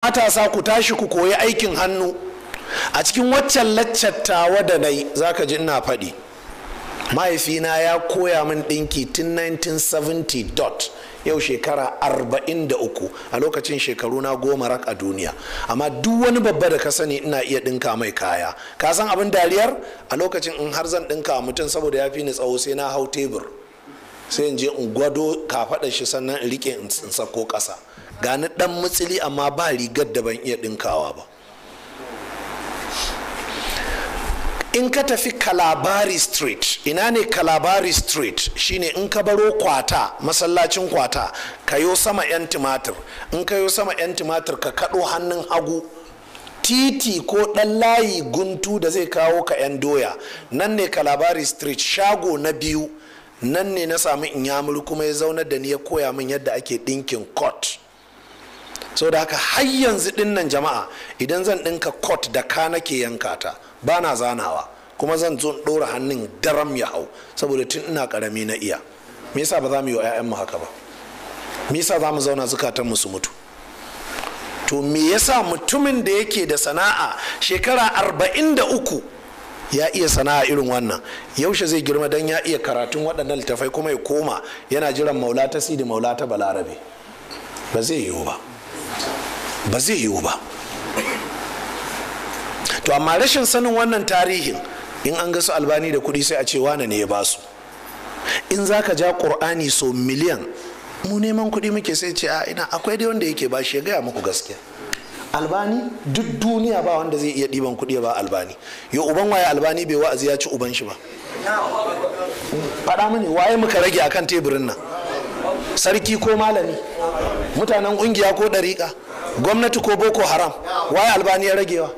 matasa ku tashi ku koyi aikin hannu a cikin waccan laccattawa da nai zaka ji ina faɗi mahaifina ya koya min ɗinki tun 1970 dot yau shekara 43 a lokacin shekaru na goma rak a duniya amma duk wani babba da ka sani ina iya ɗinka mai kaya ka san abin dariyar a lokacin in har zan ɗinka mutum saboda ya fi ni tsawo sai na hau tebur sai in je in gwado ka fada shi sannan in rike in sako ƙasa gani dan mutsili amma ba rigar da ban iya dinkawa ba in ka tafi kalabari street ina ne kalabari street shine in ka baro kwata masallacin kwata ka yo sama 'yan tumatir in ka yo sama 'yan tumatir ka kaɗo hannun hagu titi ko ɗan layi guntu da zai kawo ka 'yan doya nan ne kalabari street shago na biyu nan ne na sami inyamuri kuma ya zaunar da ni ya koya min yadda ake ɗinkin court so da haka har yanzu dinnan jama'a idan zan ɗinka kot da ka nake yanka ta ba na zanawa kuma zan zo ɗora hannun daram ya hau saboda tun ina ƙarami na iya me yasa ba za mu yi wa 'ya'yanmu haka ba me yasa za mu zauna zukatanmu su mutu to me yasa mutumin da yake da sana'a shekara arba'in da uku ya iya sana'a irin wannan yaushe zai girma don ya iya karatun waɗannan littafai kuma ya koma yana jiran maula ta sidi maula balarabe ba zai yiwu ba ba zai yiwu ba to amma rashin sanin wannan tarihin in an ga su albani da kuɗi sai a ce wane ne ya ba su in za ka ja ƙur'ani so miliyan mu neman kuɗi muke sai ce a ina akwai dai wanda yake ba shi ya gaya muku gaskiya albani duk duniya ba wanda zai iya ɗiban kuɗi ba albani yo uban waye albani bai wa'azi ya ci uban shi ba faɗa mini waye muka rage akan teburin nan sarki ko malami mutanen ƙungiya ko ɗariƙa gwamnati ko boko haram waye albani ya ragewa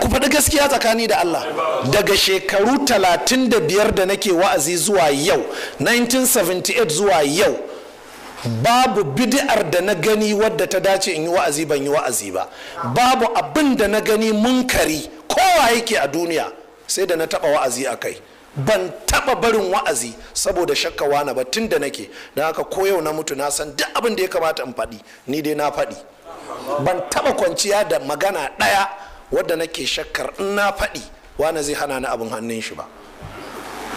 ku faɗi gaskiya tsakani da Allah daga shekaru 35 da nake wa'azi zuwa yau 1978 zuwa yau babu bid'ar da na gani wadda ta dace in yi wa'azi ban yi wa'azi ba babu abin da na gani munkari kowa yake a duniya sai da na taɓa wa'azi a kai ban taba barin wa'azi saboda shakka wani ba tun da nake na haka ko na mutu na san duk abin da ya kamata in faɗi ni dai na faɗi ban taba kwanciya da magana ɗaya wadda nake shakkar in na faɗi wani zai hana ni abin hannun shi ba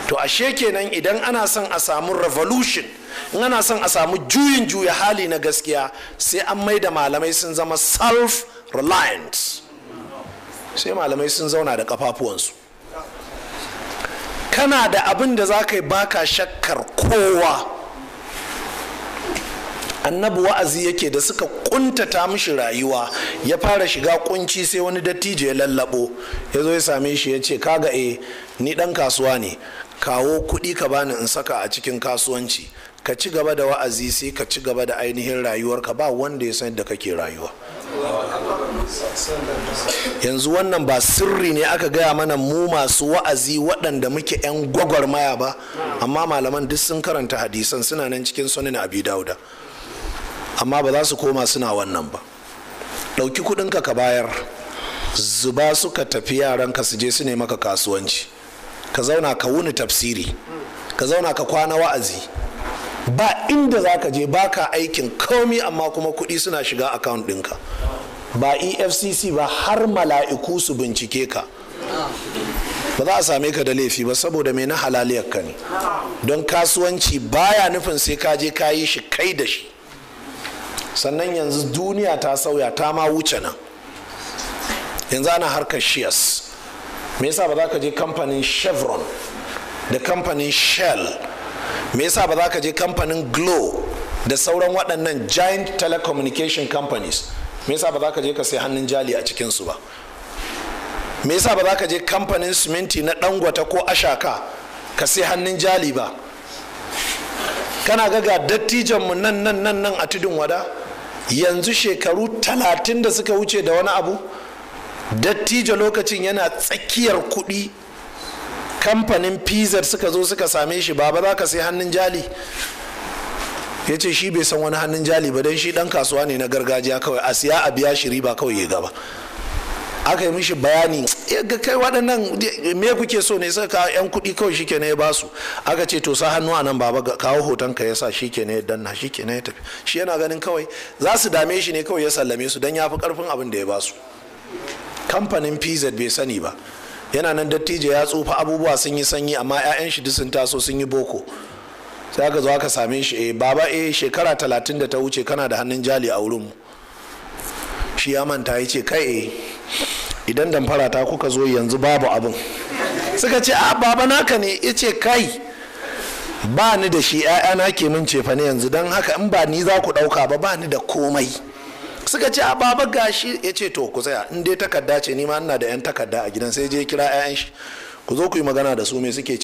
to ashe kenan idan ana son a samu revolution in ana son a samu juyin juya hali na gaskiya sai an mai da malamai sun zama self-reliant sai malamai sun zauna da kafafuwansu kana da abin da za ka yi baka shakkar kowa annabi wa'azi yake da suka kuntata mishi rayuwa ya fara shiga kunci sai wani dattijo ya lallabo ya zo ya same shi ya ce kaga e eh, ni dan kasuwa ne kawo kudi ka bani in saka a cikin kasuwanci ka ci gaba da wa'azi sai ka ci gaba da ainihin rayuwarka ba wanda ya san da kake rayuwa yanzu wannan ba sirri ne aka gaya mana mu masu wa'azi waɗanda muke 'yan gwagwar maya ba amma malaman duk sun karanta hadisan suna nan cikin sunan abi dauda amma ba za su koma suna wannan ba ɗauki kuɗinka ka bayar zuba suka tafi yaranka su je su ne maka kasuwanci ka zauna ka wuni tafsiri ka zauna ka kwana wa'azi ba inda za ka je ba ka aikin komi amma kuma kuɗi suna shiga akawun ɗinka ba efcc ba har mala'iku su bincike ka ba za a same ka da laifi ba saboda mai na halaliyar ka ne don kasuwanci baya nufin sai ka je ka yi shi kai da shi sannan yanzu duniya ta sauya ta ma wuce nan yanzu ana harkar shears me yasa ba za ka je kamfanin chevron da kamfanin shell me yasa ba za ka je kamfanin glo da sauran waɗannan giant telecommunication companies me yasa ba za ka je ka sai hannun jali a cikinsu ba me yasa ba za ka je kamfanin siminti na dangwata ko ashaka ka sai hannun jali ba kana ga ga dattijanmu nan nan nan nan a tudun wada yanzu shekaru talatin da suka wuce da wani abu dattijo lokacin yana tsakiyar kuɗi kamfanin pizza suka zo suka same shi ba ba za ka sai hannun jali ya ce shi bai san wani hannun jali ba don shi dan kasuwa ne na gargajiya kawai a siya a biya shi riba kawai ya gaba aka yi mishi bayani ga kai waɗannan me kuke so ne sai ka yan kuɗi kawai shi kenan ya ba su aka ce to sa hannu a nan baba kawo hoton ka yasa shi kenan ya danna shi kenan ya tafi shi yana ganin kawai za su dame shi ne kawai ya sallame su don ya fi ƙarfin abin da ya ba su kamfanin pz bai sani ba yana nan dattijo ya tsufa abubuwa sun yi sanyi amma 'ya'yan shi duk sun taso sun yi boko sai aka zo aka same shi eh baba eh shekara talatin da ta wuce kana da hannun jali a wurin shi ya manta ya ce kai eh idan damfara ta kuka zo yanzu babu abin suka ce a ah, baba naka ne ya ce kai ba ni da shi na ke min cefa ne yanzu don haka in ba ni za ku ɗauka ba ba ni da komai suka ce a ah, baba gashi ya ce to ku tsaya in dai takarda ce ni ma ina da ‘yan takarda a gidan sai je kira ‘ya'yan shi ku zo ku yi magana da su me suke